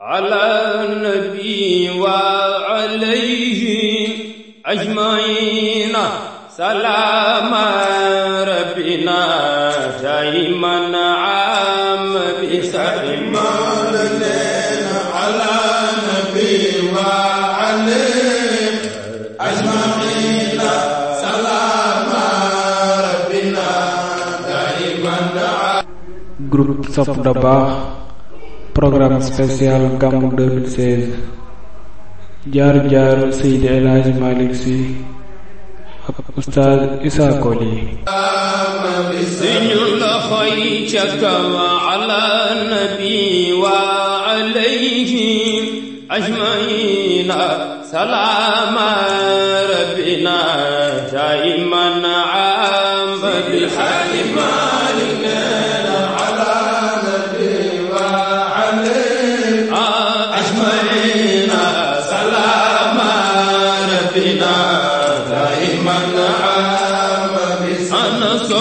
على النبي وعليه أجمعين سلام ربنا دائما عام بسلم لنا على النبي وعليه أجمعين سلام ربنا دائما عام جروب صف دباغ programme spécial gàmmu 2016 jaar-jaar Seydi El Hadji Malick Sy ak Oustaz Issa Coly salaama rabbina daiman am bil halima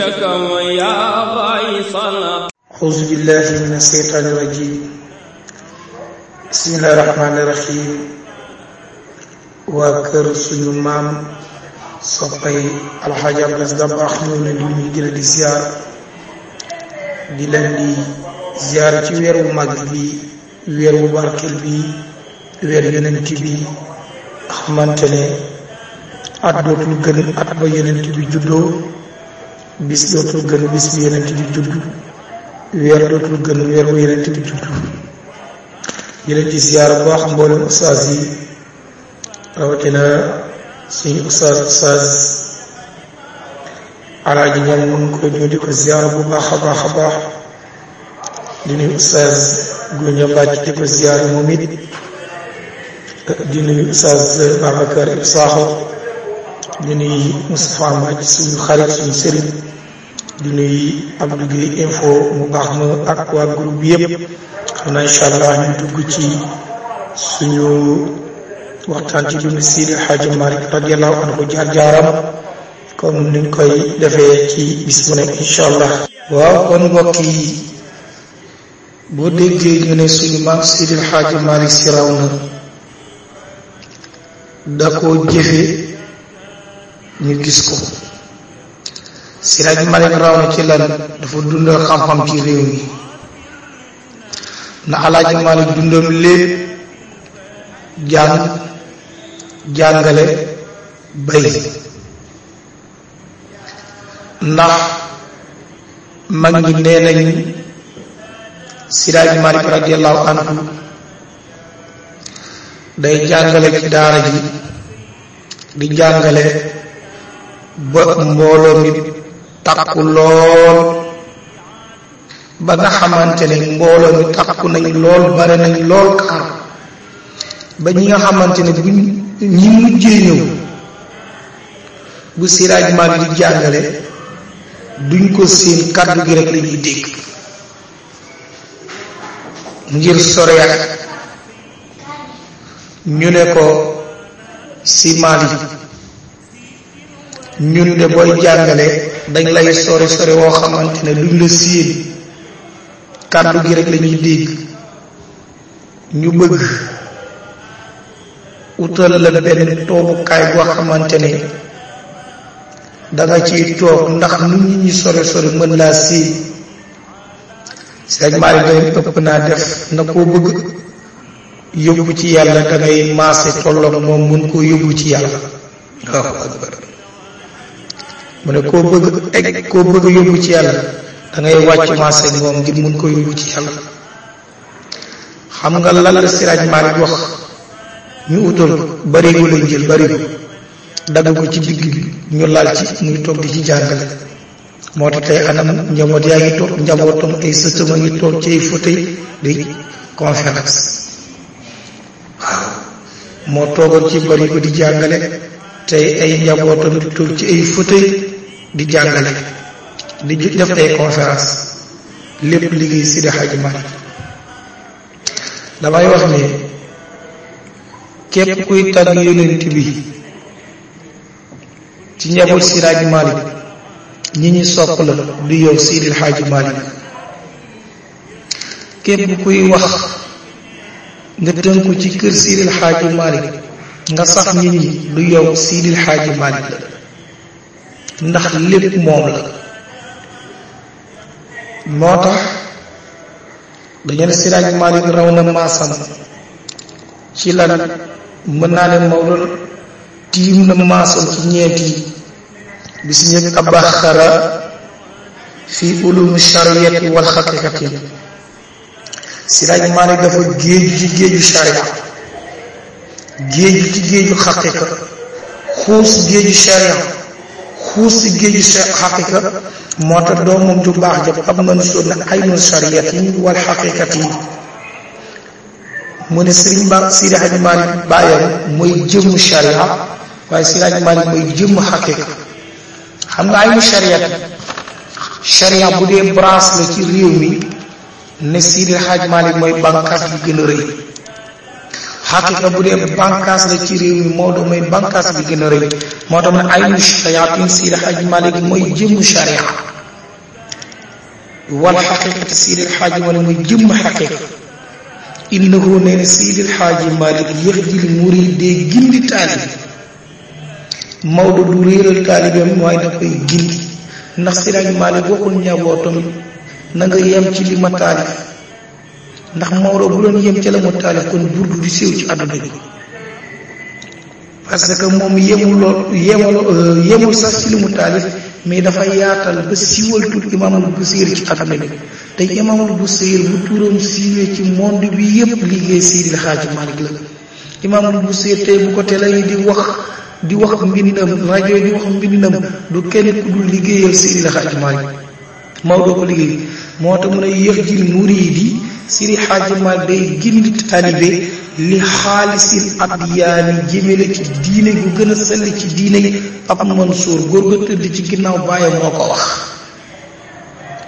شكوى يا غيث أعوذ waa kër suñu maam soppay alxaaji Abdas Dabaax ñëw na di ñuy gën a di ziar di leen di ziar ci weeru mag bi wu barkeel bi weer yonent bi xamante ne at dootul gën at ba yonent bi juddoo bis dootul gën bis bi yenent bi judd weer dootul gën weer bu yenent bi judd di leen ci ziyaara bu baax mboolem ustaas yi rawatina suñu ustaas ustaas alaaji ñaan mun ko ñoo di ko ziyaara bu baax a baax a baax di nuyu ustaas guña mbàcc di ko ziyaara moom it di nuyu ustaas Babacar Ibou Sakho di Mbàcc suñu xarit suñu sëriñ di nuyu Abdou Gueye info mu baax ma ak waa groupe yëpp xam naa incha ñu dugg ci suñu waxtaan ci dund Sidi Hadji Malick radiyallahu anhu jaar-jaaram comme niñ koy defee ci bis bu nekk incha waaw kon mbokk yi boo déggee ñu ne suñu maam Sidi Hadji Malick raw na da koo jëfe ñu gis ko. Siraaj Malik raw na ci lan dafa dundal xam-xam ci réew mi na Alaaji Malik dundam lépp jàng jàngale bay ndax mag ñi nee nañ Siraaj Malik radiyallahu anhu day jàngale ci daara ji di jàngale ba mbooloo mi takku lool ba nga xamante ne mbooloo mi takku nañ lool bare nañ lool kaar ba ñi nga xamante ne bu ñi mujjee ñëw bu Siraaj Maalik di jàngale duñ ko seen kàddu gi rek la dégg ngir sore ñu ne ko si Maalik ñun de booy jàngale dañ lay sori sori woo xamante ne duñ la séen kàddu gi rek lañuy dégg ñu bëgg utal la benn toogukaay boo xamante ne danga ciy toog ndax nu ñu ñi sori mën laa séen sëñ Malick dañ ëpp naa def na koo bëgg yóbbu ci yàlla dangay maase tolloog moom mën koo yóbbu ci yàlla waaw mu ne koo bëgg egg koo bëgg yóbbu ci yàlla da ngay wàcc maase moom ngir mun ko yóbbu ci yàlla xam nga lan la siraaj Maalik wax ñu utal ko barigo lañ jël dagg ko ci digg bi ñu laal ci muy toog ci jàngale moo tax tey anam njaboot yaa ngi toog njabootam ay sëtëma ngi toog ci ay fauteuil di conférence waaw moo toogoon ci barigo di jàngale tey ay njabootam di ci ay fauteuil di jàngale di def ay conférence lépp liggéey Sidi Hadji Malick damay wax ni képp kuy tagg yonent bi ci njaboot Sidi Hadji Malick ñi ñi sopp la du yow Sidi Hadji Malick képp kuy wax nga tënku ci kër Sidi Hadji Malick nga sax nit ñi du yow siidil xaaji Maalik la ndax lépp moom la moo tax dañu siraaj Maalik raw na maasam ci lan mën naa ne Maodo tiim na maasam ci ñeenti yi bi si njëkk fi ulum chariyati wal xaqiqati siraaj Maalik dafa géeju ci géeju charia géeju ci géeju xaqiqa xuus géeju sharia xuus ci géeju xaqiqa moo tax doomam ju baax ja ab mansuur ne aynul shariati wal xaqiqati mu ne sëriñ ba Seydi Hadji Malick bàyyam mooy jëmm sharia waaye Seydi Hadji Malick mooy jëmm xaqiqa xam nga aynul shariati sharia bu dee branche la ci réew mi ne Seydi Hadji mooy bànqaas bi gën a rëy xaqiqa bu dee bànkaas la ci réew mi Maodo mooy bànkaas bi gën a rëy moo tax ne aynu shayatin Seydi Xaaji mooy jëmm sharia wal xaqiqati Seydi Xaaji mooy jëmm xaqiqa innahu nee na Seydi Xaaji Malik yëxjil muridee gindi taalib Maodo du réeral taalibeem waaye da gindi ndax Seydi Xaaji Malik waxul njabootam yem ci li ma taalif ndax Maodo bu doon yem ca la mu taalif kon burdu di siiw ci àdduna bi parce que moom yemul lool yemul euh, yemul sax ci li mu taalif mais dafa yaatal ba siiwal tur imaamul Buseyri ci àdduna bi te bu turam siiwee ci monde bi yépp liggéey Seydil Xaaji Malik la imaamul Buseyri tey bu ko telee di wax di wax mbindam rajo di wax mbindam du kenn ku dul liggéeyal Seydil Xaaji Malik Maodo ko liggéey moo tax mu ne yéex ji muriidi Seydi Hadji Malick day gindi taalibe li xaalisil addiyaani jëmale ci diine gu gën a sell ci diine yi ab Mansour góor ga tëdd ci ginnaaw baayam moo ko wax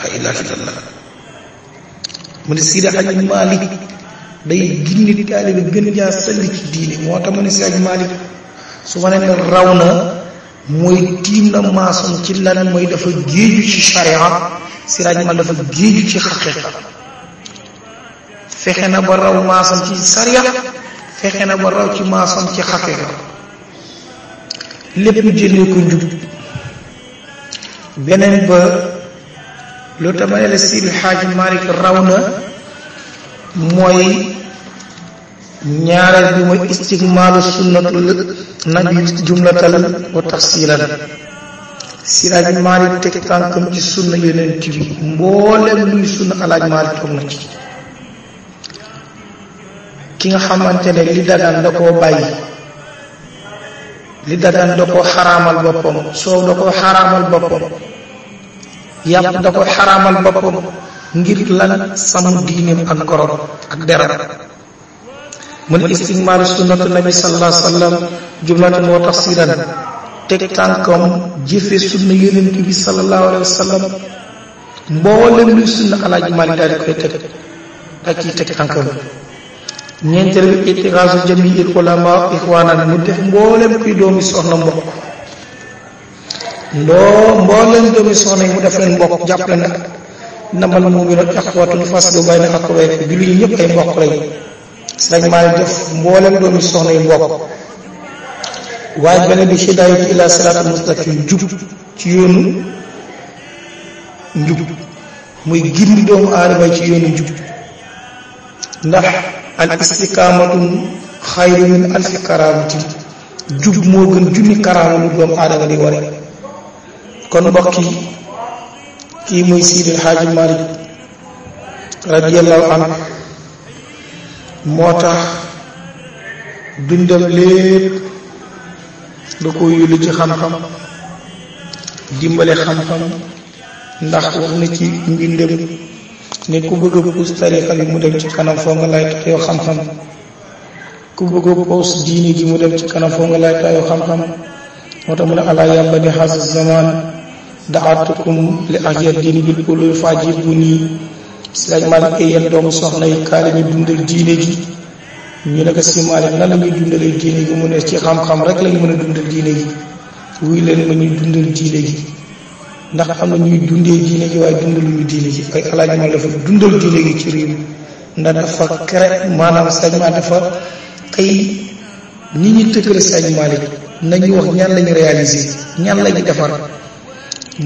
la ilaha illallah mu ne Seydi Hadji Malick day gindi taalibe gën jaa sell ci diine moo tax mu ne si Hadji Malick su ma ne na raw na mooy tiim na maasam ci lan mooy dafa géeju ci charia Seydi Hadji Malick dafa géeju ci xaqiqa fexe na ba raw maasam ci sariya fexe na ba raw ci maasam ci xaqiqa lépp jëlee ko njub beneen ba lu tamane la Sidi Xaaji Malik bi mooy istigmaalu sunnatu nabi jumlatal wa tafsilan Siraaji Malik teg tànkam ci sunna yonent bi mboolem luy sunna alaaj Malik toog na ci ki nga xamante ne li dagan da koo bàyyi li dagan da koo xaraamal boppam soow da koo xaraamal boppam yàpp da ko xaraamal boppam ngir lan sàmm diineem ak gorom ak deram mun istigmaalu sunnat nabi sallallahu alayhi wasallam jumlatan wa tafsiran teg tànkam jëfe sunna yonent bi sallallahu alayhi wasallam mboolem luy sunna alaaji Maalik daal di koy teg da ciy teg tànkam ñeenteel bi itixaasu jamiil ulama ixwaanan mu def mboolem kuy doomi soxna mbokk ndoo mboolem doomi soxna yi mu def leen mbokk jàpp leen ndamal mu'minuun axwatun faslu bayna axawayni bi lu ñu ñëpp ay mbokk lañu sëñ doomi soxna yi mbokk waaye beneen bi hidaayatu ilaa siraatil mustaqiim jub ci yoonu njub muy gindi doomu aadama ci yoonu njub ndax al istiqaamatu xayru min alfi karaamati jub moo gën junni karaama lu doomu aadama di ware kon mbokk kii muy Seydil Hadji Malick radiyallahu anhu moo tax dundam lépp da ko yullu ci xam-xam dimbale xam-xam ndax wax na ci mbindam nit ku bëgg a puus tarixa bi mu dem ci kanam foo nga lay taayoo xam-xam ku bëgg a diini gi mu dem ci kanam foo nga lay taayoo xam-xam moo tax mu ne alaa yàbba ni xaas zaman daatukum li ak yar diini bi ku luy faaji bu nii silaaj maalik ay yéen doomu soxna yi kaale ñu dundal diine gi ñu la ñuy mu ne ci xam-xam rek lañu mën a dundal diine gi wuy leen ma ñuy dundal diine gi ndax am na ñuy dundee diine ji waaye dundaluñu diine ji ay alaaji ma dafa dundal diine gi ci réew ndax dafa kere maanaam sañma dafa ay nit ñi tëkkale sañ Malick nañu wax ñan lañu réaliser ñan lañu defar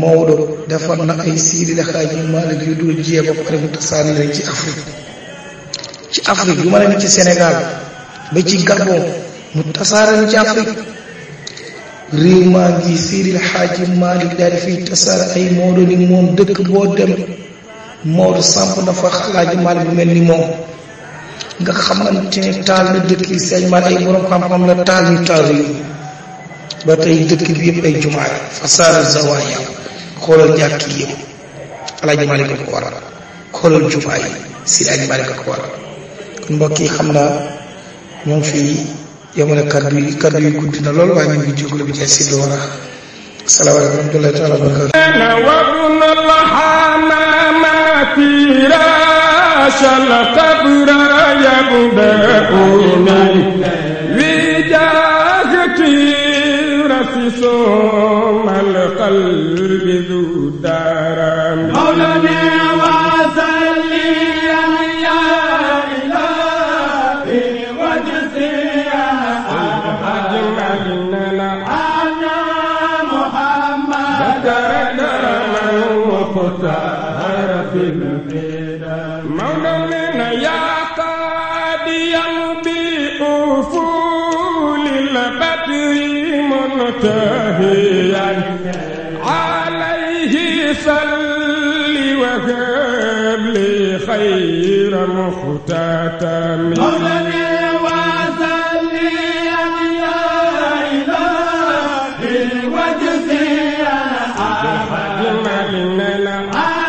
Maodo defar na ay Sidi la xaaj Malick yu dul jiyee ba pare mu tasaani leen ci Afrique ci Afrique yu ma leen ci Sénégal ba ci Gabon mu tasaare ci Afrique réew maa ngi Seydil Xaaji Malick daal di fiy ay Maodo ni moom dëkk boo dem Maodo samp na fa Xaaji Malick bu mel ni moom nga xamante ne taal na dëkk yi Sëñ Malick ay borom xam-xam la taal ñu taal réew ba tey dëkk bi yëpp ay jumaa yi fasaara zawaaya xoolal jàkk yi yëpp Alaaji Malick ko waral xoolal jumaa yi Seydi Alaaji Malick ko waral kon mbokk yi xam naa ñoo fii yemale kaddu yi kaddu yi guddi na lool waaye منتهيا عليه صل وهب لي خير مختتم